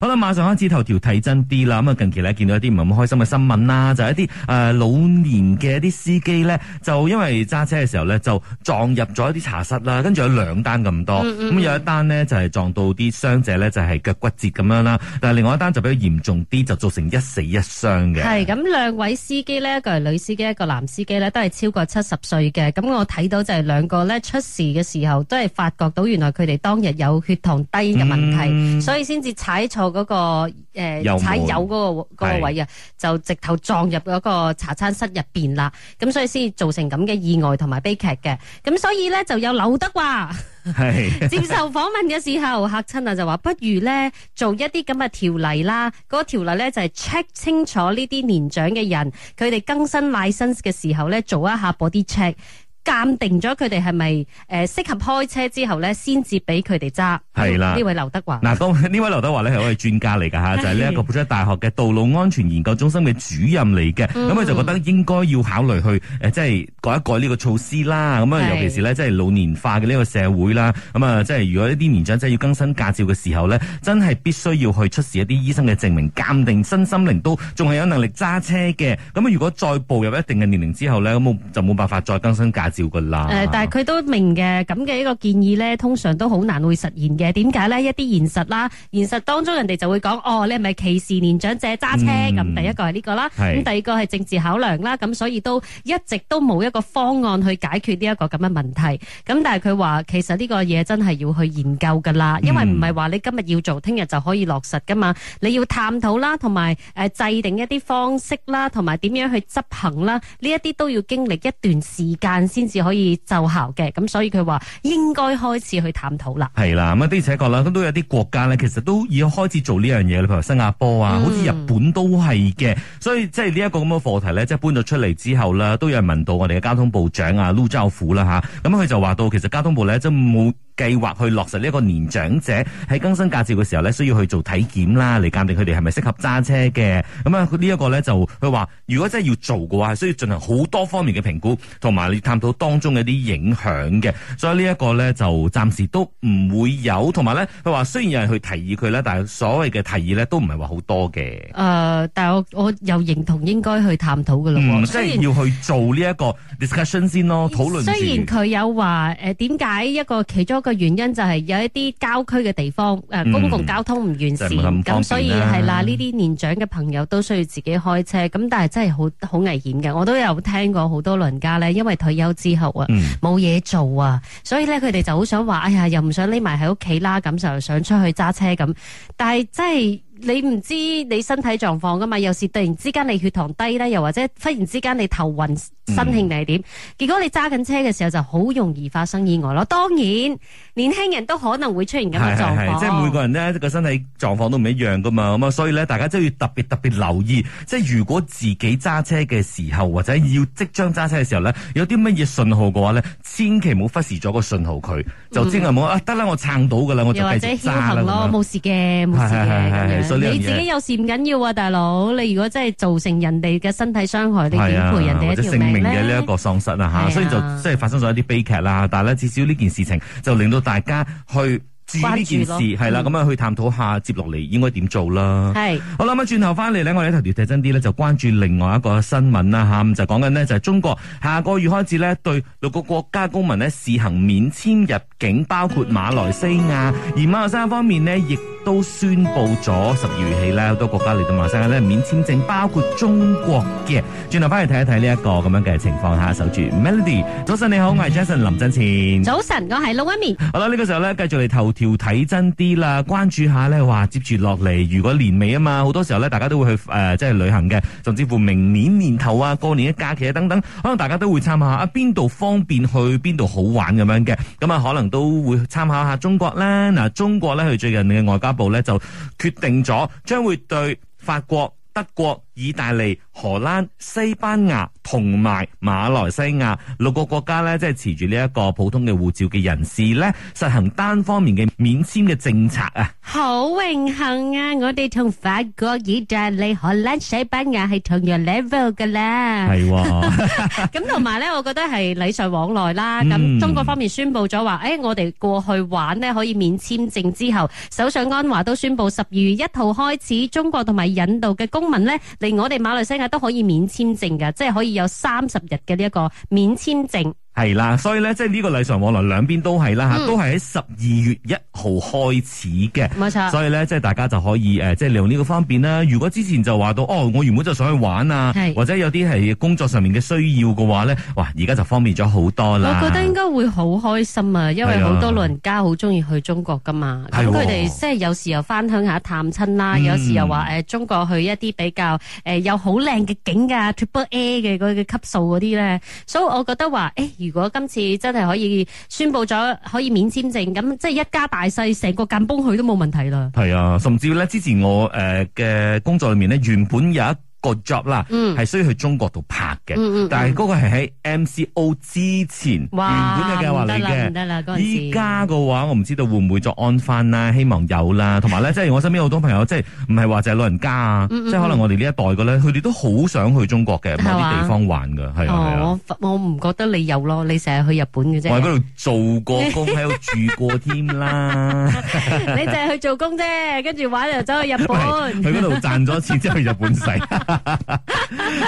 好啦，馬上開始頭條睇真啲啦。咁啊，近期呢，見到一啲唔咁開心嘅新聞啦，就係、是、一啲誒老年嘅一啲司機呢，就因為揸車嘅時候呢，就撞入咗一啲茶室啦。跟住有兩單咁多，咁、嗯嗯、有一單呢，就係撞到啲傷者呢，就係腳骨折咁樣啦。但係另外一單就比較嚴重啲，就造成一死一傷嘅。係咁，兩位司機呢，一個女司機，一個男司機呢，都係超過七十歲嘅。咁我睇到就係兩個呢，出事嘅時候，都係發覺到原來佢哋當日有血糖低嘅問題，嗯、所以先至踩錯嗰、那個誒踩、呃、油嗰門、那個那個位啊，是就直頭撞入嗰個茶餐室入邊啦，咁所以先造成咁嘅意外同埋悲劇嘅。咁所以咧，就有劉德華係 接受訪問嘅時候， 客親啊就話，不如咧做一啲咁嘅條例啦。嗰、那個、條例咧就係、是、check 清楚呢啲年長嘅人，佢哋更新 license 嘅時候咧，做一下 body check。鑒定咗佢哋係咪誒適合開車之後咧，先至俾佢哋揸。係啦，呢、啊、位劉德華嗱，當呢位劉德華咧係一位專家嚟噶吓，就係咧個澳洲大學嘅道路安全研究中心嘅主任嚟嘅。咁佢、嗯、就覺得應該要考慮去、呃、即係改一改呢個措施啦。咁啊，尤其是，是的即係老年化嘅呢個社會啦。咁啊，即係如果呢啲年長者要更新駕照嘅時候呢，真係必須要去出示一啲醫生嘅證明，鑒定身心靈都仲係有能力揸車嘅。咁啊，如果再步入一定嘅年齡之後呢，咁就冇辦法再更新駕照。照、呃、但係佢都明嘅咁嘅一個建議呢，通常都好難會實現嘅。點解呢？一啲現實啦，現實當中人哋就會講，哦，你係咪歧視年長者揸車？咁、嗯、第一個係呢個啦，咁是第二個係政治考量啦，咁所以都一直都冇一個方案去解決呢一個咁嘅問題。咁但係佢話其實呢個嘢真係要去研究㗎啦，因為唔係話你今日要做，聽日就可以落實㗎嘛。你要探討啦，同埋、呃、制定一啲方式啦，同埋點樣去執行啦，呢一啲都要經歷一段時間先至可以奏效嘅，咁所以佢話應該開始去探討啦。係啦，咁啊的而且確啦，咁都有啲國家咧，其實都已經開始做呢樣嘢啦，譬如新加坡啊，好似、嗯、日本都係嘅。所以即係呢一個咁嘅課題咧，即係搬咗出嚟之後啦，都有人問到我哋嘅交通部長啊，陸兆福啦吓，咁佢就話到其實交通部咧，即係冇，計劃去落實呢一個年長者喺更新駕照嘅時候咧，需要去做體檢啦，嚟鑑定佢哋係咪適合揸車嘅。咁啊，呢一個咧就佢話，如果真係要做嘅話，係需要進行好多方面嘅評估，同埋你探討當中嘅一啲影響嘅。所以呢一個咧就暫時都唔會有，同埋咧佢話雖然有人去提議佢咧，但係所謂嘅提議咧都唔係話好多嘅。誒、呃，但係我我又認同應該去探討噶啦。嗯，然即係要去做呢一個 discussion 先咯，討論。雖然佢有話誒，點、呃、解一個其中一個？個原因就係有一啲郊區嘅地方，誒、嗯、公共交通唔完善，咁、啊、所以係啦，呢啲年長嘅朋友都需要自己開車，咁、嗯、但係真係好好危險嘅。我都有聽過好多老人家咧，因為退休之後啊，冇嘢做啊，所以咧佢哋就好想話，哎呀，又唔想匿埋喺屋企啦，咁就想出去揸車咁，但係真係。你唔知你身體狀況噶嘛？又是突然之間你血糖低咧，又或者忽然之間你頭暈、身㷫定係點？嗯、結果你揸緊車嘅時候就好容易發生意外咯。當然，年輕人都可能會出現咁嘅狀況。即係每個人咧個身體狀況都唔一樣噶嘛，咁啊，所以咧大家都要特別特別留意。即係如果自己揸車嘅時候，或者要即將揸車嘅時候咧，有啲乜嘢信號嘅話咧，千祈唔好忽視咗個信號，佢、嗯、就即係冇啊得啦，我撐到噶啦，我就繼續咯，冇樣事嘅，冇事你自己有事唔緊要啊，大佬！你如果真係造成人哋嘅身體傷害，啊、你點賠人哋一條命就性命嘅呢一個喪失啦、啊、吓，所以、啊啊、就即係發生咗一啲悲劇啦。但係咧，至少呢件事情就令到大家去注意呢件事，係啦、啊，咁樣、嗯、去探討下接落嚟應該點做啦。係是好啦，咁轉頭翻嚟咧，我哋頭條睇真啲咧，就關注另外一個新聞啦吓，就講緊咧就係中國下個月開始咧，對六個國家公民咧試行免簽入境，包括馬來西亞，而馬來西亞方面咧亦，都宣佈咗十二月起咧，好多國家嚟到馬來西亞咧免簽證，包括中國嘅。轉頭翻嚟睇一睇呢一個咁樣嘅情況，下守住 Melody。早晨你好，嗯、我係 Jason 林振前。早晨，我係 Lucy、um。好啦，呢、呢個時候咧，繼續嚟頭條睇真啲啦，關注下咧，哇，接住落嚟，如果年尾啊嘛，好多時候咧，大家都會去誒、呃，即係旅行嘅，甚至乎明年年頭啊，過年嘅假期啊，等等，可能大家都會參考下邊度方便去邊度好玩咁樣嘅，咁啊，可能都會參考下中國啦。嗱，中國咧，佢最近嘅外交。部咧就決定咗，將會對法國、德國、意大利、荷蘭、西班牙同埋馬來西亞六個國家咧，即係持住呢一個普通嘅護照嘅人士咧，實行單方面嘅免簽嘅政策啊！好榮幸啊！我哋同法國、意大利、荷蘭、西班牙係同樣 level 嘅啦。係喎，咁同埋咧，我覺得係禮尚往來啦。咁中國方面宣布咗話，誒我哋過去玩咧可以免簽證之後，首相安華都宣布十二月一號開始，中國同埋印度嘅公民咧。我哋馬來西亞都可以免簽證嘅，即係可以有三十日嘅呢一個免簽證。係啦，所以咧，即係呢個禮尚往來兩邊都係啦吓，嗯、都係喺十二月一號開始嘅，冇錯錯。所以咧，即係大家就可以誒，即係利用呢個方便啦。如果之前就話到哦，我原本就想去玩啊，是或者有啲係工作上面嘅需要嘅話咧，哇，而家就方便咗好多啦。我覺得應該會好開心啊，因為好多老人家好中意去中國噶嘛，咁佢哋即係有時又翻鄉下探親啦，啊、有時又話誒中國去一啲比較誒、嗯呃、有好靚嘅景噶，Triple A 嘅嗰個級數嗰啲咧，所以我覺得話誒。欸如果今次真係可以宣布咗可以免簽證，咁即係一家大細成個緊崩去都冇問題啦。係啊，甚至咧之前我誒嘅工作裏面咧，原本有一。個 job 啦，係需要去中國度拍嘅，但係嗰個係喺 MCO 之前原本嘅計劃嚟嘅。依家嘅話，我唔知道會唔會再安翻啦。希望有啦。同埋咧，即係我身邊好多朋友，即係唔係話就係老人家啊，即係可能我哋呢一代嘅咧，佢哋都好想去中國嘅，某啲地方玩㗎，係啊。我我唔覺得你有咯，你成日去日本嘅啫。我喺嗰度做過工，喺度住過添啦。你就係去做工啫，跟住玩就走去日本。去嗰度賺咗錢，之後去日本使。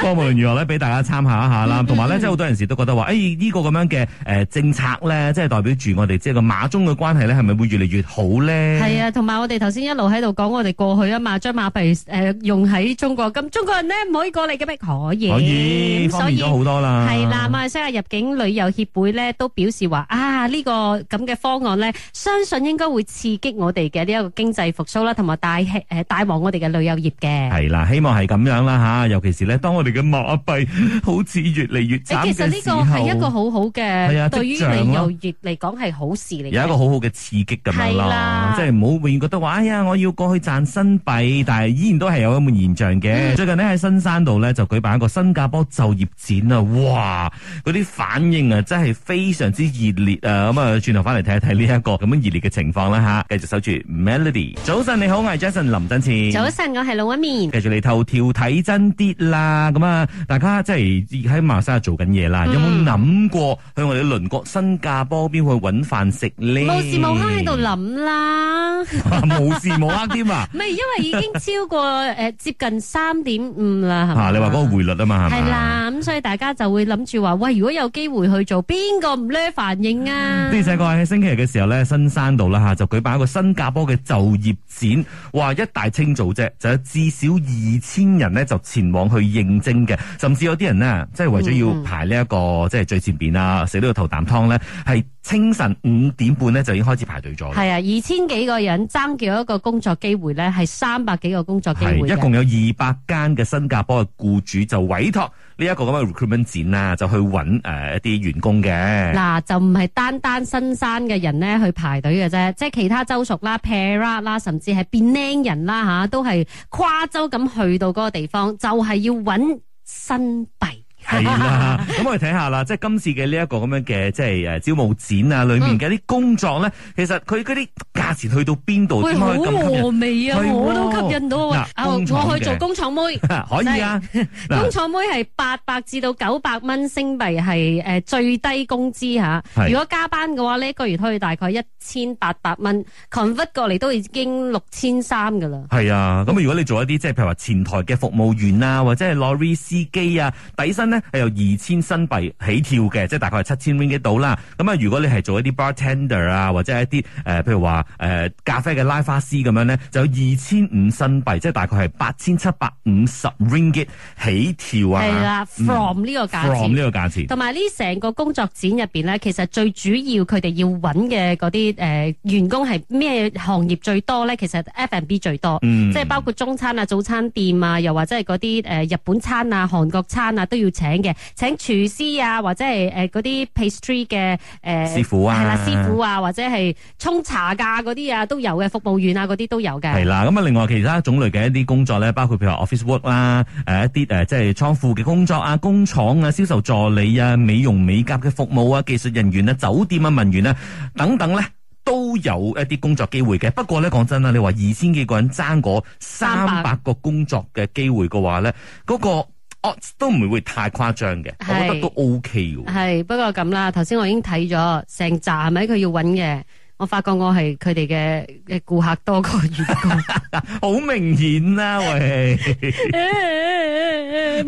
過無論如何咧，俾大家參考一下啦。同埋咧，即係好多人士都覺得話，誒、欸，呢、這個咁樣嘅誒、呃、政策咧，即係代表住我哋即係個馬中嘅關係咧，係咪會越嚟越好咧？係啊，同埋我哋頭先一路喺度講，我哋過去啊嘛，將馬幣誒、呃、用喺中國，咁中國人呢，唔可以過嚟嘅咩？可以，可以，方便咗好多啦。係啦、啊，馬來西亞入境旅遊協會咧都表示話，啊呢、這個咁嘅方案咧，相信應該會刺激我哋嘅呢一個經濟復甦啦，同埋帶誒帶旺我哋嘅旅遊業嘅。係啦、啊，希望係咁樣啦。吓，尤其是咧，當我哋嘅馬幣好似越嚟越差其實呢個係一個好好嘅，對,啊、對於你又、啊、越嚟講係好事嚟，有一個好好嘅刺激咁樣咯。是的即係唔好永遠覺得話，哎呀，我要過去賺新幣，但係依然都係有一門現象嘅。嗯、最近呢喺新山度咧就舉辦一個新加坡就業展啊，哇，嗰啲反應啊真係非常之熱烈啊！咁、呃、啊，轉頭翻嚟睇一睇呢一個咁樣熱烈嘅情況啦吓。繼續守住 Melody，早晨你好，我係 Jason 林振賜，早晨我係老一面，繼續你頭條睇。真啲啦，咁啊，大家即係喺馬莎做緊嘢啦，有冇諗過去我哋鄰國新加坡邊去搵飯食咧？無時無刻喺度諗啦，無時無刻添啊！唔係因為已經超過誒接近三點五啦吓，你話嗰個匯率啊嘛，係嘛？係啦，咁所以大家就會諗住話，喂，如果有機會去做，邊個唔叻反應啊？記者話喺星期日嘅時候咧，新山度啦吓，就舉辦一個新加坡嘅就業展，話一大清早啫，就有至少二千人咧。就前往去應徵嘅，甚至有啲人呢，即係為咗要排呢、這、一個、嗯、即係最前邊啦，死呢要頭啖湯呢，係清晨五點半呢，就已經開始排隊咗。係啊，二千幾個人爭叫一個工作機會呢，係三百幾個工作機會。係，一共有二百間嘅新加坡嘅僱主就委託。呢一個咁嘅 recruitment 展啦，就去揾誒一啲員工嘅。嗱，就唔係單單新山嘅人咧去排隊嘅啫，即係其他州屬啦、para 啦，甚至係 Penang 人啦嚇，都係跨州咁去到嗰個地方，就係要揾新幣。係啦，咁我哋睇下啦，即係今次嘅呢一個咁樣嘅即係誒招募展啊，裏面嘅啲工作咧，其實佢嗰啲。價錢去到邊度？好喂和味啊！哦、我都吸引到啊！我去做工廠妹， 可以啊！ 工廠妹係八百至到九百蚊新幣，係誒最低工資吓。是如果加班嘅話呢一、這一個月可以大概一千八百蚊，convert 過嚟都已經六千三噶啦。係啊，咁啊，如果你做一啲即係譬如話前台嘅服務員啊，或者係 l o r r lorry 司機啊，底薪咧係由二千新幣起跳嘅，即係大概係七千蚊幾到啦。咁啊，如果你係做一啲 bartender 啊，或者係一啲誒、呃，譬如話。誒咖啡嘅拉花師咁樣咧，就有二千五新幣，即、就、係、是、大概係八千七百五十 ringgit 起跳啊！係啦的、嗯、，from 呢個價錢，from 呢個價錢，同埋呢成個工作展入邊咧，其實最主要佢哋要揾嘅嗰啲誒員工係咩行業最多咧？其實 F&B 最多，嗯、即係包括中餐啊、早餐店啊，又或者係嗰啲誒日本餐啊、韓國餐啊都要請嘅，請廚師啊，或者係誒嗰啲 pastry 嘅誒、呃、師傅啊，係啦師傅啊，或者係沖茶噶、啊。嗰啲啊都有嘅，服務員啊嗰啲都有嘅。係啦，咁啊，另外其他種類嘅一啲工作咧，包括譬如 office work 啦、啊，誒、啊、一啲誒即係倉庫嘅工作啊，工廠啊，銷售助理啊，美容美甲嘅服務啊，技術人員啊，酒店啊文員啊等等咧，都有一啲工作機會嘅。不過咧，講真啦，你話二千幾個人爭嗰三百個工作嘅機會嘅話咧，嗰、那個 s、哦、都唔會太誇張嘅，是我覺得都 OK 嘅。係不過咁啦，頭先我已經睇咗成集係咪？佢要搵嘅。我發覺我係佢哋嘅嘅顧客多過員工，好 明顯啦、啊，喂，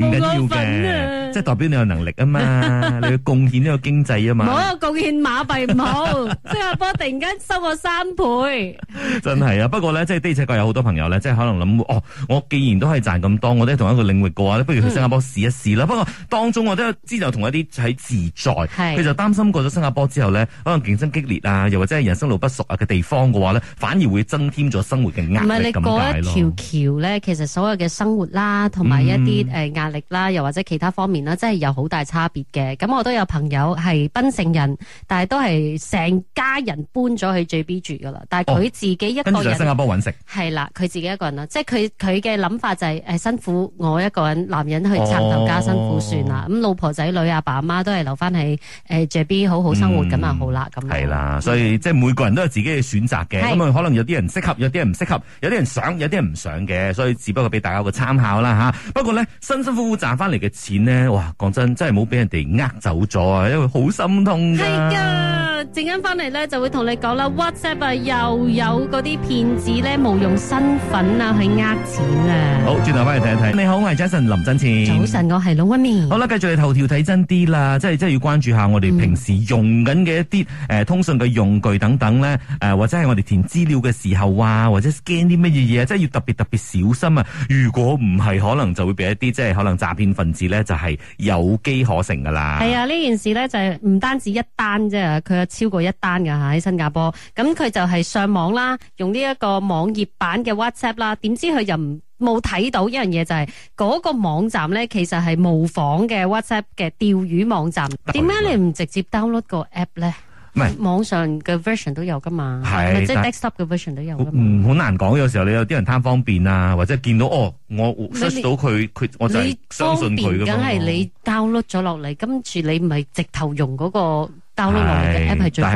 冇咁煩，即係代表你有能力啊嘛， 你嘅貢獻呢個經濟啊嘛，我貢貢獻馬幣唔好， 新加坡突然間收我三倍， 真係啊！不過咧，即係的確有好多朋友咧，即係可能諗哦，我既然都係賺咁多，我都同一個領域嘅話，不如去新加坡試一試啦。嗯、不過當中我都知道同一啲喺自在，佢是就擔心過咗新加坡之後咧，可能競爭激烈啊，又或者係人。生路不熟啊嘅地方嘅話咧，反而會增添咗生活嘅壓力咁解咯。唔係你過一條橋咧，其實所有嘅生活啦，同埋一啲誒壓力啦，又或者其他方面啦，真係有好大差別嘅。咁我都有朋友係檳城人，但係都係成家人搬咗去 J B 住噶啦。但係佢自己一個人、哦、喺新加坡揾食。係啦，佢自己一個人啦，即係佢佢嘅諗法就係、是、誒辛苦我一個人男人去撐頭家，辛苦算啦。咁、哦、老婆仔女阿爸阿媽都係留翻喺誒 J B 好好生活咁啊，好啦咁。係、嗯、啦，所以、嗯、即係每每個人都有自己嘅選擇嘅，咁啊是可能有啲人適合，有啲人唔適合，有啲人想，有啲人唔想嘅，所以只不過俾大家個參考啦吓。不過咧，辛辛苦苦賺翻嚟嘅錢咧，哇！講真，真係唔好俾人哋呃走咗啊，因為好心痛噶。係噶，陣間翻嚟咧就會同你講啦。WhatsApp 又有嗰啲騙子咧，冒用身份啊去呃錢啊。好，轉頭翻嚟睇一睇。Oh. 你好，我係 Jason 林振前。早晨，我係 Melody、um。好啦，繼續嚟頭條睇真啲啦，即係即係要關注下我哋平時用緊嘅一啲誒、嗯、通訊嘅用具等。等咧，誒或者係我哋填資料嘅時候啊，或者驚啲乜嘢嘢，即係要特別特別小心啊！如果唔係，可能就會俾一啲即係可能詐騙分子咧，就係有機可乘噶啦。係啊，呢件事咧就係、是、唔單止一單啫，佢有超過一單噶吓喺新加坡。咁佢就係上網啦，用呢一個網頁版嘅 WhatsApp 啦，點知佢又冇睇到一樣嘢，就係嗰個網站咧其實係模仿嘅 WhatsApp 嘅釣魚網站。點解吧你唔直接 download 個 app 咧？唔係網上嘅 version 都有噶嘛，即是者 desktop 嘅 version 都有嘛。嗯，好難講，有時候你有啲人貪方便啊，或者見到哦，我 search 到佢，佢是我就方相信佢梗係你 download 咗落嚟，跟住你唔係直頭用嗰、那個。但係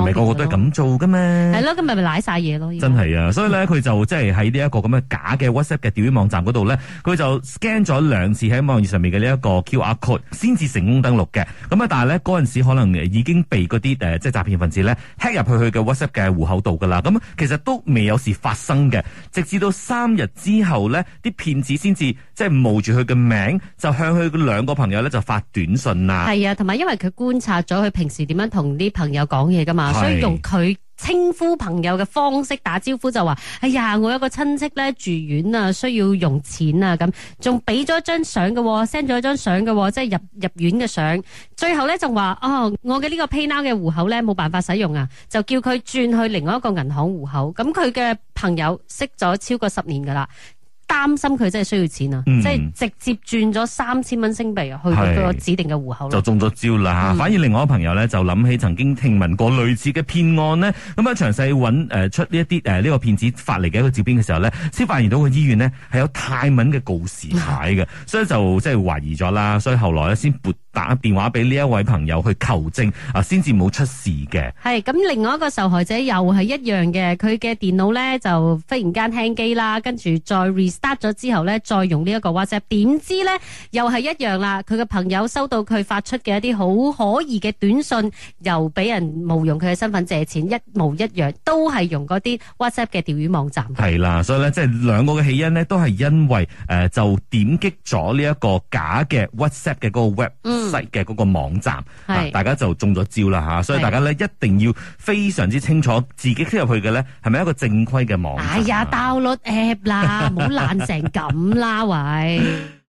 唔係個個都係咁做嘅咩？係咯，咁咪咪瀨晒嘢咯。真係啊，所以咧，佢就即係喺呢一個咁嘅假嘅 WhatsApp 嘅釣魚網站嗰度咧，佢就 scan 咗兩次喺網頁上面嘅呢一個 QR code，先至成功登錄嘅。咁啊，但係咧嗰陣時可能已經被嗰啲誒即係詐騙分子咧 hack 入去佢嘅 WhatsApp 嘅戶口度噶啦。咁其實都未有事發生嘅，直至到三日之後咧，啲騙子先至即係冒住佢嘅名，就向佢兩個朋友咧就發短信啦。係啊，同埋因為佢觀察咗佢平時點樣同。同啲朋友講嘢噶嘛，所以用佢稱呼朋友嘅方式打招呼就話：哎呀，我有個親戚咧住院啊，需要用錢啊，咁仲俾咗一張相嘅，send 咗一張相嘅，即係入入院嘅相。最後咧就話：哦，我嘅呢個 PayNow 嘅戶口咧冇辦法使用啊，就叫佢轉去另外一個銀行戶口。咁佢嘅朋友識咗超過十年噶啦。擔心佢真係需要錢啊，嗯、即係直接轉咗三千蚊星幣去到個指定嘅戶口，就中咗招啦。嗯、反而另外一個朋友咧就諗起曾經聽聞過類似嘅騙案呢。咁啊詳細揾誒出呢一啲誒呢個騙子發嚟嘅一個照片嘅時候呢，先發現到個醫院呢係有泰文嘅告示牌嘅， 所以就即係懷疑咗啦，所以後來咧先撥打電話俾呢一位朋友去求證啊，先至冇出事嘅。係咁，另外一個受害者又係一樣嘅，佢嘅電腦呢，就忽然間停機啦，跟住再 restart 咗之後呢，再用呢一個 WhatsApp，點知呢？又係一樣啦。佢嘅朋友收到佢發出嘅一啲好可疑嘅短信，又俾人冒用佢嘅身份借錢，一模一樣，都係用嗰啲 WhatsApp 嘅釣魚網站。係啦，所以呢，即係兩個嘅起因呢，都係因為誒，呃，就點擊咗呢一個假嘅 WhatsApp 嘅嗰個 web。嗯。嘅嗰個網站，是大家就中咗招啦嚇。所以大家咧一定要非常之清楚自己入去嘅咧，係咪一個正規嘅網站？啊、哎呀，download App a 啦，唔好爛成咁啦，喂！